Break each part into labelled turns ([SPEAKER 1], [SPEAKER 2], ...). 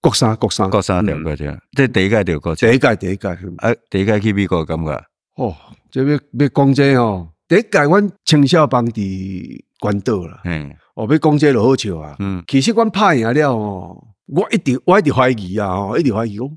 [SPEAKER 1] 國山國山國山條嘅啫，即係、嗯、第一屆條國三，第一屆第一屆，誒、嗯啊，第一屆去美國咁噶？
[SPEAKER 2] 哦，即要要講即係，哦，第一屆阮青少棒啲關島啦，嗯，哦，要講即就好笑啊，嗯，其實阮打贏了哦，我一直我一直懷疑啊，哦，一直懷疑咁。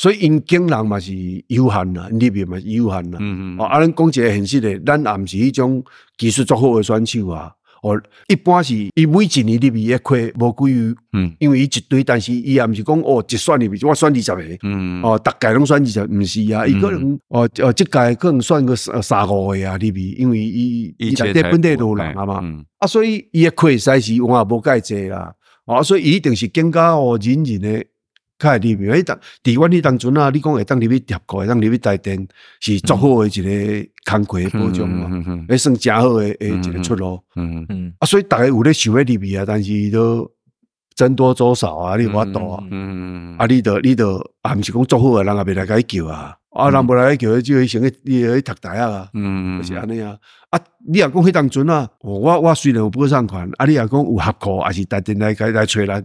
[SPEAKER 2] 所以因景人嘛是有限啦，利弊嘛是有限啦。哦，阿儂講一個現實的，咱也毋是迄種技術足好嘅選手啊。哦，一般是伊每一年利弊一開，無幾有，因為伊一堆，但是伊也毋是講哦，一選入利就我選二十個。嗯，哦，逐屆攏選二十，毋是啊，伊可能哦哦，即屆可能選個三三五個啊利弊，因為伊伊在本地人啦、啊、嘛。嗯，啊，所以伊一開開始我也無介濟啦。啊，所以一定是更加哦，認真咧。喺入迄當佇阮迄當陣啊！你講會當入邊合庫，當入邊台電，是足好的一個工課嘅保障嘛？迄、嗯嗯嗯嗯嗯、算誠好嘅誒，一個出路。嗯嗯，嗯
[SPEAKER 1] 嗯
[SPEAKER 2] 啊，所以逐個有咧想要入邊啊，但是都僧多粥少啊，你無法度、嗯嗯、啊？嗯嗯
[SPEAKER 1] 嗯，
[SPEAKER 2] 啊，你著你著啊，毋是講足好誒人袂來甲你叫啊，啊，人冇嚟甲你叫，就成先去讀台啊、嗯。嗯嗯，係咁啊。啊，你若講迄當陣啊？我我雖然有撥上款，啊，你若講有合庫，也是台電甲你來揣咱。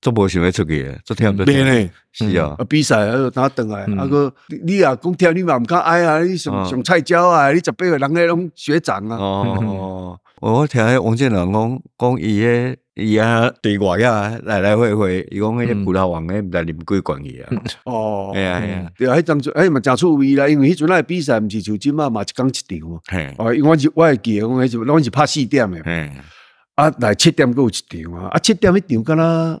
[SPEAKER 1] 足無想欲出去，足聽毋着咩是
[SPEAKER 2] 啊，比賽喺度打來，啊，阿哥，你啊講忝，你嘛毋敢愛啊？你上上菜鳥啊？你十八個人咧攏學長啊？
[SPEAKER 1] 哦，我聽迄個王建龍講，講伊嘅，伊啊對外啊，來來回回，伊講迄個葡
[SPEAKER 2] 萄王嘅毋知啉幾罐去啊？哦，係啊，就喺當時，迄嘛正趣味啦，因為迄陣仔比賽毋是就即嘛，嘛一工一場。係，哦，因為就我係記，我係就，我是拍四點誒。嗯，啊，來七點佫有一場啊，啊，七點迄場敢若。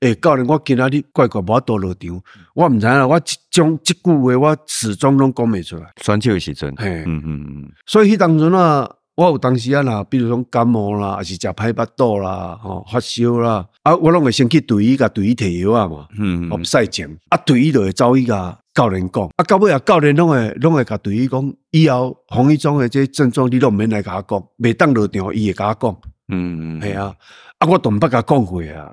[SPEAKER 2] 誒，教練，我今日你怪怪冇到落場我不我，我唔知啦，我即種即句話我始終攏講唔出來。選手時陣，嗯嗯嗯，所以當時，候時候那啊，我有當時啊，比如講感冒啦，還是食歹腹肚啦，哦，發燒啦，啊，我攏會先去隊醫隊醫提藥啊嘛，嗯，我唔使整，啊隊醫就會找一個教練講，啊，到尾啊，教練攏會，攏會個隊醫講，以後洪一中嘅這症狀你都唔來嚟我講，未當落場，伊會我講，嗯，係啊，啊我都唔俾佢講會啊。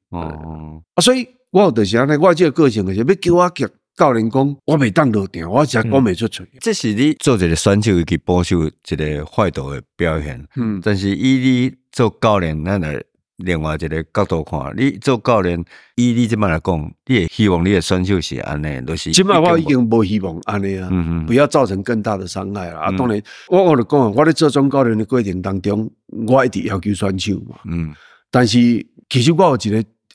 [SPEAKER 2] 哦，哦、啊，所以我有時呢，我呢個個性就是要叫我教教練講，我未當落定，我真講唔出嘴、嗯。
[SPEAKER 1] 這是你做一個選手去保守一個壞度嘅表現。嗯，但是以你做教練，咱個另外一個角度看，你做教練，以你咁樣來講，你也希望你嘅選手係安尼，都、就是。現在我已
[SPEAKER 2] 經冇希望安尼啊，嗯嗯，不要造成更大的傷害啦。啊嗯、當然，我跟你講，我哋做總教練嘅過程當中，我一直要求選手嘛，嗯，但是其實我有一個。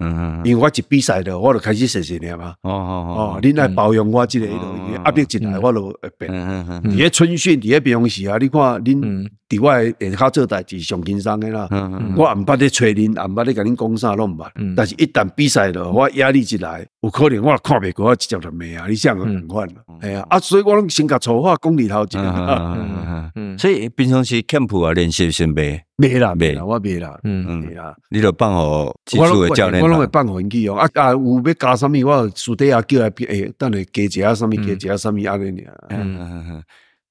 [SPEAKER 2] 嗯嗯，因為我一比賽了，我就開始學習了嘛。哦哦哦，您來包容我進來，一道壓力一來，我就會
[SPEAKER 1] 變。你喺
[SPEAKER 2] 春訓，你喺平常時啊，你看您，對外會考做代志上輕鬆的啦。我唔怕你催，你唔怕你甲你講啥攏唔怕。但是一旦比賽了，我壓力一來，有可能我看袂過，我直接就咩啊？你想個情況啦？係啊，啊，所以我攏先甲醜話，講佇頭前。嗯嗯嗯，所以平常時 camp 啊練
[SPEAKER 1] 習先賣，賣啦，賣啦，我賣啦。嗯嗯，你都辦好基礎嘅教練。我都會
[SPEAKER 2] 放魂去哦！啊啊，有要加什物？我私底下叫比 B，等下加一下什物，加一下什物啊。嘅你啊！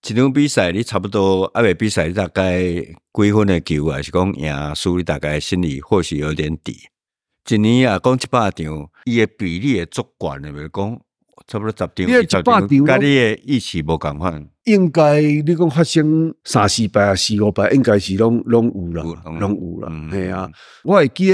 [SPEAKER 2] 一場、
[SPEAKER 1] 嗯、比賽你差不多，啊，未比賽你大概幾分的球，還是講贏輸？你大概心裏或許有點底。一年啊，講一百場，伊嘅比例會足懸嘅，咪講差不多十場、八場，甲你嘅意思無共款。
[SPEAKER 2] 應該你講發生三四百、四五百，應該是攏攏有啦，攏有、啊、有啦，係、嗯、啊！我會記。.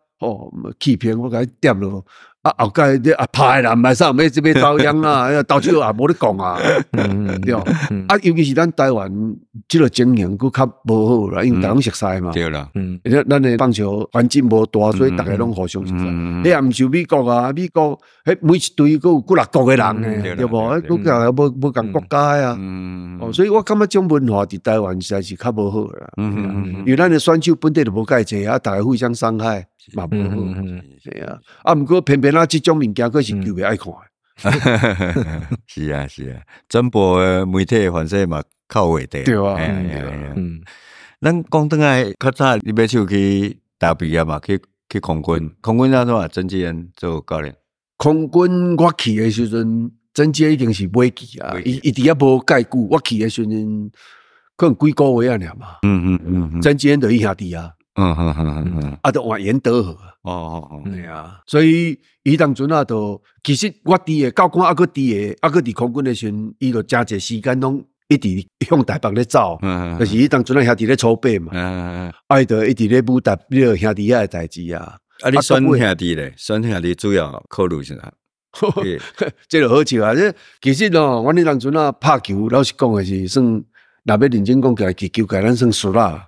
[SPEAKER 2] 哦，欺騙、喔、我佢掂咯，啊後街啲啊派啦，唔係上咩，只咩遭殃啊，到處也冇你講啊，對，啊尤其是咱台灣，即個經營佢較冇好啦，因為大家熟悉嘛、嗯，對啦，嗯，而咱嘅棒球環境冇大，所以大家攏互相熟識，你也唔是美國啊，美國，誒每一隊佢有幾廿個人嘅、啊嗯，對不？嗰個又冇冇講國家啊，嗯嗯、哦、所以我感覺這種文化喺台灣實在是較冇好啦，啊、嗯，哼嗯哼因為咱嘅選手本地都冇咁濟，啊大家互相傷害。冇錯，係啊，阿唔過偏偏啦，即種物件佢是球迷愛看嘅。
[SPEAKER 1] 係啊是啊，全部嘅媒體形式嘛，靠話題。對啊，嗯，人廣東較早差，你咪就去打比啊嘛，去去空軍，空軍按怎曾紀恩做教練？
[SPEAKER 2] 空軍我去嘅時陣，曾紀恩已經是尾期啊，伊伊佇遐無介久。我去嘅時陣，可能幾個月啊嘛。
[SPEAKER 1] 嗯嗯嗯，曾
[SPEAKER 2] 紀恩著伊下啲啊。嗯嗯，嗯，嗯、啊，啊，阿得王延德哦哦哦，哦哦對啊，所以伊當初啊，都其實我佇嘅教官啊擱佇嘅啊擱佇空軍時陣伊就真濟時間攏一直向台北咧走，嗯、啊，嗯，就是伊當初啊兄弟咧籌備嘛，嗯，嗯，啊，伊、啊、就一直咧表達咧兄弟啊嘅代誌啊。啊，你選兄弟咧，啊、選兄弟主要考慮啥？ 這個好笑啊！這其實咯、喔，阮迄當陣啊拍球，老實講嘅是算，若要認真講起來，去球技咱算輸啦。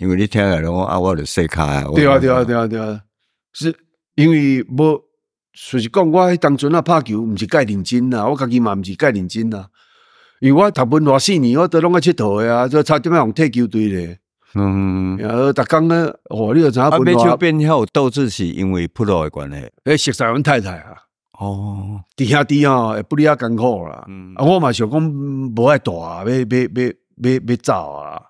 [SPEAKER 1] 因為你聽下咯，啊，我就說卡啊。對啊，對啊，
[SPEAKER 2] 對啊，對啊，是，因為要就是講，我當陣啊拍球，唔是蓋認真啊，我家己嘛唔是蓋認真啊，因為我讀文化四年，我都攏愛佚佗的啊，都差點要退球隊嘞。嗯。然、啊啊啊、後，逐工呢，我你就知啊？阿美超變後導致是因為葡萄的關係。誒，熟似阮太太啊。哦。地下地下也不利啊，艱苦啦。啊，我嘛想講，唔愛大，要要要要要走啊。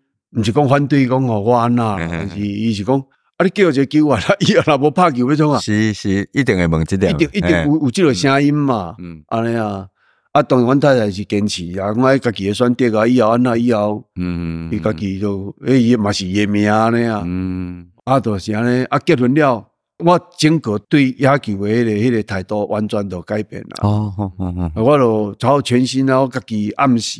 [SPEAKER 2] 毋是講反對講互我安怎，但是伊是講，啊你叫就叫我啦，以後若無拍球迄種啊，是
[SPEAKER 1] 是，一定會問即個一定一定有、嗯、
[SPEAKER 2] 有即個聲音嘛，嗯，安尼啊啊當然阮太太是堅持、嗯、啊，阮家己誒選擇啊，以後安怎以後，嗯嗯家己都誒也嘛是伊誒名安尼啊，嗯，啊著是安尼啊結婚了，我整個對野球誒迄個迄個態度完全著改變啊。哦，嗯、哦、啊我著超全新啊，我家己暗示。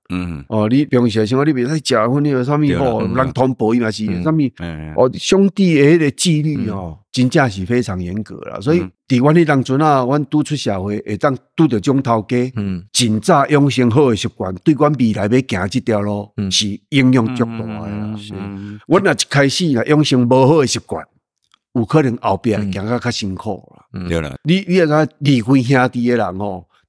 [SPEAKER 2] 嗯哦，你平時像我，你平時吃喝你有什麼哦，亂傳播也是什麼哦，兄弟兒個紀律哦，真正是非常嚴格了。所以，佇我哋當初呐，我拄出社會，會當拄到種頭家，盡早養成好嘅習慣，對，我未來要行這條路，是影響較大嘅。是我那一開始啦，養成無好嘅習慣，有可能後邊行得較辛苦啦。對啦，你你要講離開兄弟嘅人哦。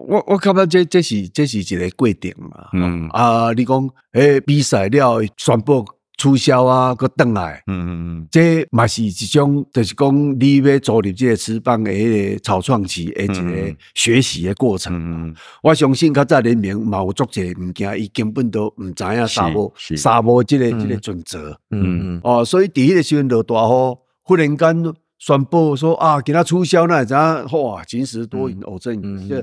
[SPEAKER 2] 我我覺這即即是這是一個過程嘛、嗯、啊，啊你講誒、欸、比賽了宣布取消啊擱倒來，嗯嗯嗯，即、嗯、咪是一種，就是講你要加入呢個職棒誒草創期誒一個、嗯、學習嘅過程啊。嗯嗯、我相信佢在人民有做嘢唔驚，佢根本都唔知啊 SOP SOP，即、這個即、嗯、個準則、嗯，嗯嗯哦、啊，所以第一個時候落大雨，忽然間宣布說啊，叫佢取消，那陣哇，即時多雲偶陣雨。哦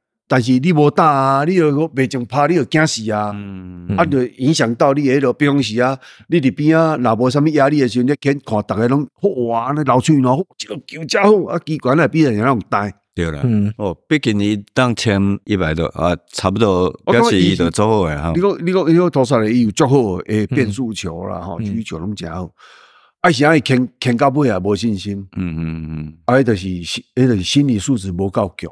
[SPEAKER 2] 但是你無膽，啊，你又未淨拍你著驚死、嗯、啊，啊著影響到你喺度邊時啊，你佇邊啊，若無啥物壓力誒時陣，你牽看逐個攏哇，安尼流處佬，即、這個球遮好，啊機關咧比人又咁大，對啦了，嗯、
[SPEAKER 1] 哦，畢竟你當千一百多啊，差不多，我講，
[SPEAKER 2] 呢個呢個呢個投出嚟又足好，誒變速球啦，吼、嗯，去齁球攏遮好。啊是安尼牽牽到尾也無信心，嗯嗯嗯，嗯嗯啊，著、就是，著是心理素質無夠強。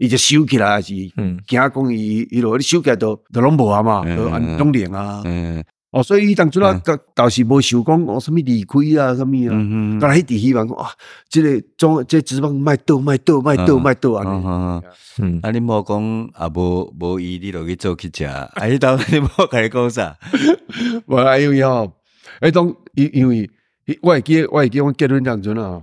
[SPEAKER 2] 伊就收起來，還是驚講伊一路收起都都攏無啊嘛，都按攏年啊，哦，所以當初到當時無想講我什麼離開啊，什麼啊，但係啲希望話，即個裝即係只幫賣掉賣掉賣掉賣
[SPEAKER 1] 掉啊，嗯，啊恁某講啊無無伊，啲落去做去食，啊，你
[SPEAKER 2] 當時甲講講啥，我係因為，啊當因因為，我會記我會記阮結婚當初啦。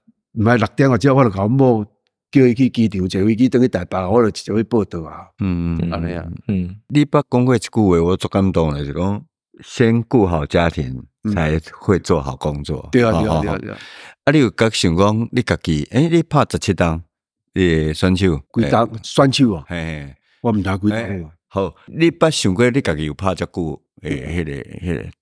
[SPEAKER 2] 唔係六點我之後我就趕某叫佢去機場坐飛機等去大伯，我就直接去報到啊。嗯，係
[SPEAKER 1] 咪啊？嗯，你不講過一句話我最感動嘅是講，先顧好家庭，才會做好工作。對啊，對啊，對啊。啊，你有覺得想講你自己，誒，你拍十七檔，誒，選手幾檔選手啊？誒，我唔知幾檔。好，你不想過你自己有拍咁久，誒，嗰個嗰個。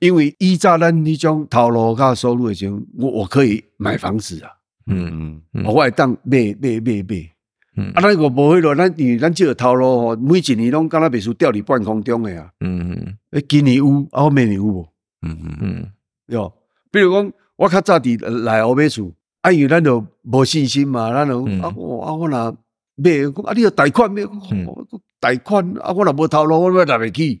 [SPEAKER 2] 因為依家人你種頭路加收入的時陣，我我可以買房子啊，嗯嗯，嗯我會當買買買，賣，買買啊，那個不會咯，咱咱只個頭路，每一年攏干那別墅吊在半空中的啊、嗯，嗯嗯，今年有啊，明年有無，嗯嗯嗯，對，比如講，我較早啲來歐別墅，啊因為咱都冇信心嘛，咱都啊，、嗯、啊我啊我若買，啊，啊你要貸款貸款，啊我若冇頭路，我咩入唔去？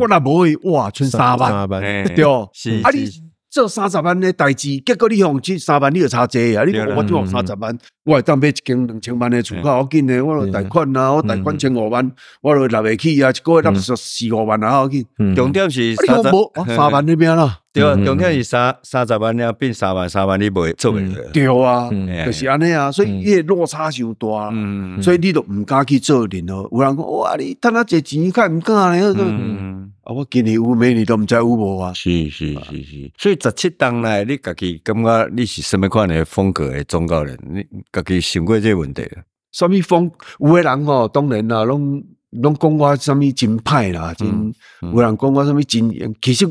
[SPEAKER 2] 我又唔會哇存三萬，對，啊你做三十萬的代誌，結果你用借三萬，你又差濟啊？你我用三十萬，我當買一間兩千萬嘅厝，好緊嘅，我貸款啊，我貸款千五萬，我就還唔起啊，一個月入十四五萬啊，好緊，重點係，我冇三萬你邊啦。
[SPEAKER 1] 對啊，中間是三三十萬，你變三萬
[SPEAKER 2] 三萬你，你唔會做嘅、嗯。對啊，對啊就是安尼啊，所以你的落差就大，嗯、所以你都唔敢去做人咯。有人講哇，你賺咁多錢不敢，你睇唔見啊？我今年有，明年都唔知有冇啊。
[SPEAKER 1] 是是是，所以十七年嚟，你自己感覺你是咩款嘅風格嘅總教練？你自己想過呢個問題啦？
[SPEAKER 2] 什麼風？有啲人哦，當然啦、啊，攏攏講我什麼真歹啦，真、嗯嗯、有人講我什麼真，其實。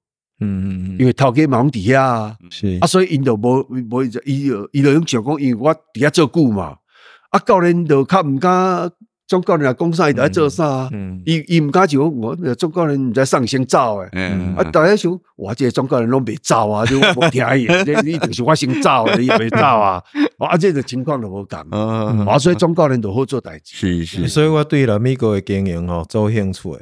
[SPEAKER 2] 嗯嗯，因為頭家蠻底下，是啊，是啊，所以印度無無伊，伊伊就，就用想講，因為我底下做久嘛，啊，高人就較唔敢，中國人講啥伊就愛做啥，嗯，伊伊唔敢就我，中國人唔知上先走的、欸，嗯嗯嗯，啊，啊，大家想，我這個、中國人攏未走啊，就我聽伊， 你你是我先走、啊，你又未走啊，啊，啊這種情況都無同，嗯嗯、啊啊、所以中國人都好做代誌，是是，對所以我
[SPEAKER 3] 對人民國的經營哦，做興趣的。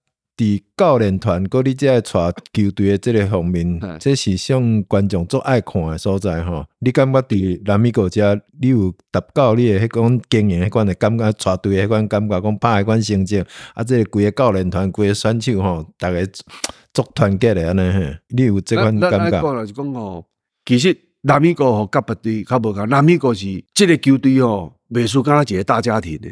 [SPEAKER 3] 佇教練團，哥你只係帶球隊誒即個方面，即是向觀眾最愛看誒所嘿 在，吼。你，你感覺，佇南美國家，你有達到你誒迄種經驗，迄款誒感覺，帶隊，迄款感覺，講拍，迄款心情。啊，即、這個規個教練團，規個選手，哈，大家足團結誒安尼。你有即款感覺？
[SPEAKER 2] 咁講、就是，其實南美國吼甲別隊，較無講，南美國是，即個球隊哦，美術敢若一個大家庭嘅。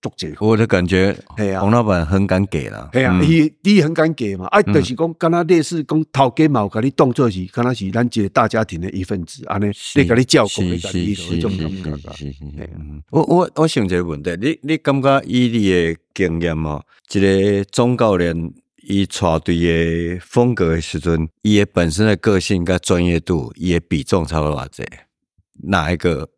[SPEAKER 2] 做嘢，
[SPEAKER 1] 我的感覺係啊，洪老闆很敢給了，係啊，佢
[SPEAKER 2] 佢很敢給嘛，啊，就是講，敢啊，類似講頭家嘛，有佢哋當作是，敢啊，是咱個大家庭的一份子，安尼你佢哋照顧佢是呢種感
[SPEAKER 1] 覺。
[SPEAKER 2] 我我我想一個
[SPEAKER 1] 問題，你感覺以你的經驗哦，一個總教練伊帶隊的風格的時陣，伊的本身的個性加專業度，佢嘅比重差唔多，即係哪一個？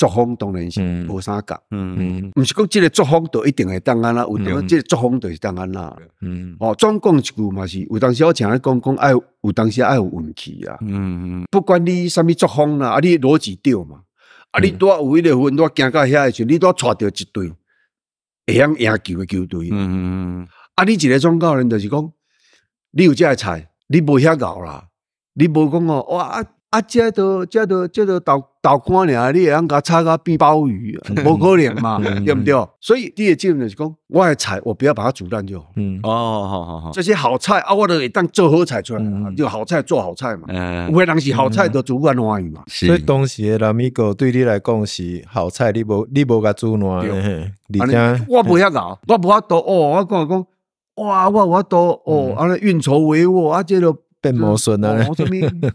[SPEAKER 2] 作風當然是無相同，唔、嗯嗯、是講即個作風就一定會當然啦，有啲即個作風就係當然啦。嗯
[SPEAKER 1] 嗯、
[SPEAKER 2] 哦，總共一句嘛是，有當時我聽阿講講，愛有，有當時有運氣啊。嗯嗯、不管你什麼作風啦、啊，阿你的邏輯對嘛，嗯、啊你多有一類運，我驚到遐嘅時，你都帶住一隊會贏贏球嘅球隊、啊。嗯嗯嗯，阿、啊、你一個總教練就是講，你有隻菜，你唔吃咬啦，你唔講哦，哇！啊，這都這都這都豆豆乾而已，你會用它炒個比鮑魚，無可能嘛，對不對？所以第二點就是講，我的菜我不要把它煮爛就好，嗯，哦，好
[SPEAKER 1] 好
[SPEAKER 2] 好，這些好菜啊，我會當做好菜出來啊，就好菜做好菜嘛，
[SPEAKER 3] 唔會講是好菜
[SPEAKER 2] 都煮爛爛魚嘛。
[SPEAKER 3] 所以當時南美哥對你來講是好菜，你冇你冇個煮爛，你講，我不曉搞，
[SPEAKER 2] 我不曉做哦，我講講，哇，我我做哦，啊，運籌帷幄啊，這都變魔術啊。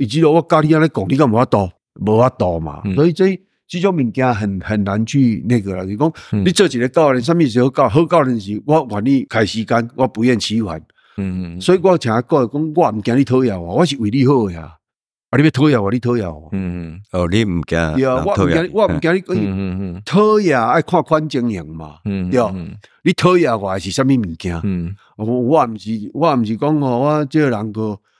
[SPEAKER 2] 以及我教你安尼講，你敢無法度，無法度嘛，嗯、所以這這種物件很很難去那個啦，就是講、嗯、你做一個教練，什麼時候教？好教練是我願意開時間，我不厭其煩。嗯嗯所以我請個講，我唔驚你討厭我，我是為你好呀。啊，你要討厭我，你討厭我。嗯嗯，哦，你唔驚？對啊，我唔驚你，我唔驚你。嗯嗯討厭愛看款情形嘛？嗯，對啊，你討厭我還是什麼物件、嗯嗯哦？我唔是，我唔是講哦，我這個人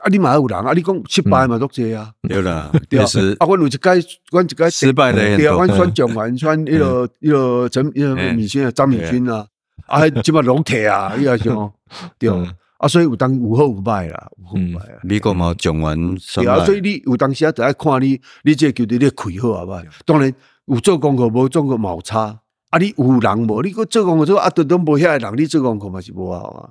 [SPEAKER 2] 啊！你嘛有人啊！你講失敗嘛都多啊，
[SPEAKER 1] 對啦，對
[SPEAKER 2] 啊，阮有一屆，阮一屆失敗的，對啊，阮選狀元，選迄個迄個陳迄個米軍啊，張米軍啊，啊，即嘛攏鐵啊，呢是講對啊，所以有當有好有歹啦，有
[SPEAKER 1] 好有歹啊，美國嘛狀元失啊，所以
[SPEAKER 2] 你有當時啊就著愛看你，你只球隊你開好啊嘛，當然有做功課無做功課嘛有差，啊你有人無，你閣做功課做啊都無遐個人，你做功課嘛是冇啊。